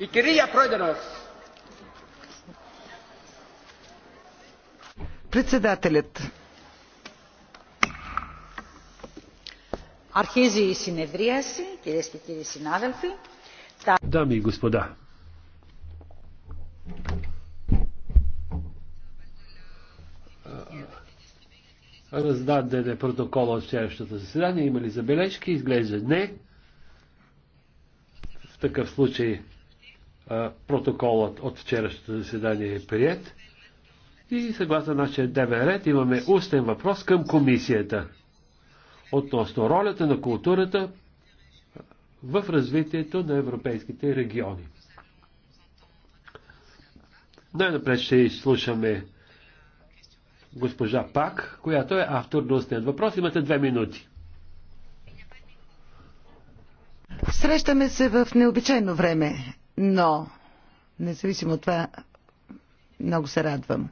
Η κυρία Πρόεδρος. Председателят. Архизи и συνεδρίαση, κυρίε και κύριοι Дами и господа, раздаден е протокол от вчерашното заседание. Има ли забележки? Изглежда не. В такъв случай Протоколът от вчерашното заседание е прият. И съгласно нашия дневен ред имаме устен въпрос към комисията относно ролята на културата в развитието на европейските региони. Най-напред ще изслушаме госпожа Пак, която е автор на устният въпрос. Имате две минути. Срещаме се в необичайно време но независимо от това много се радвам.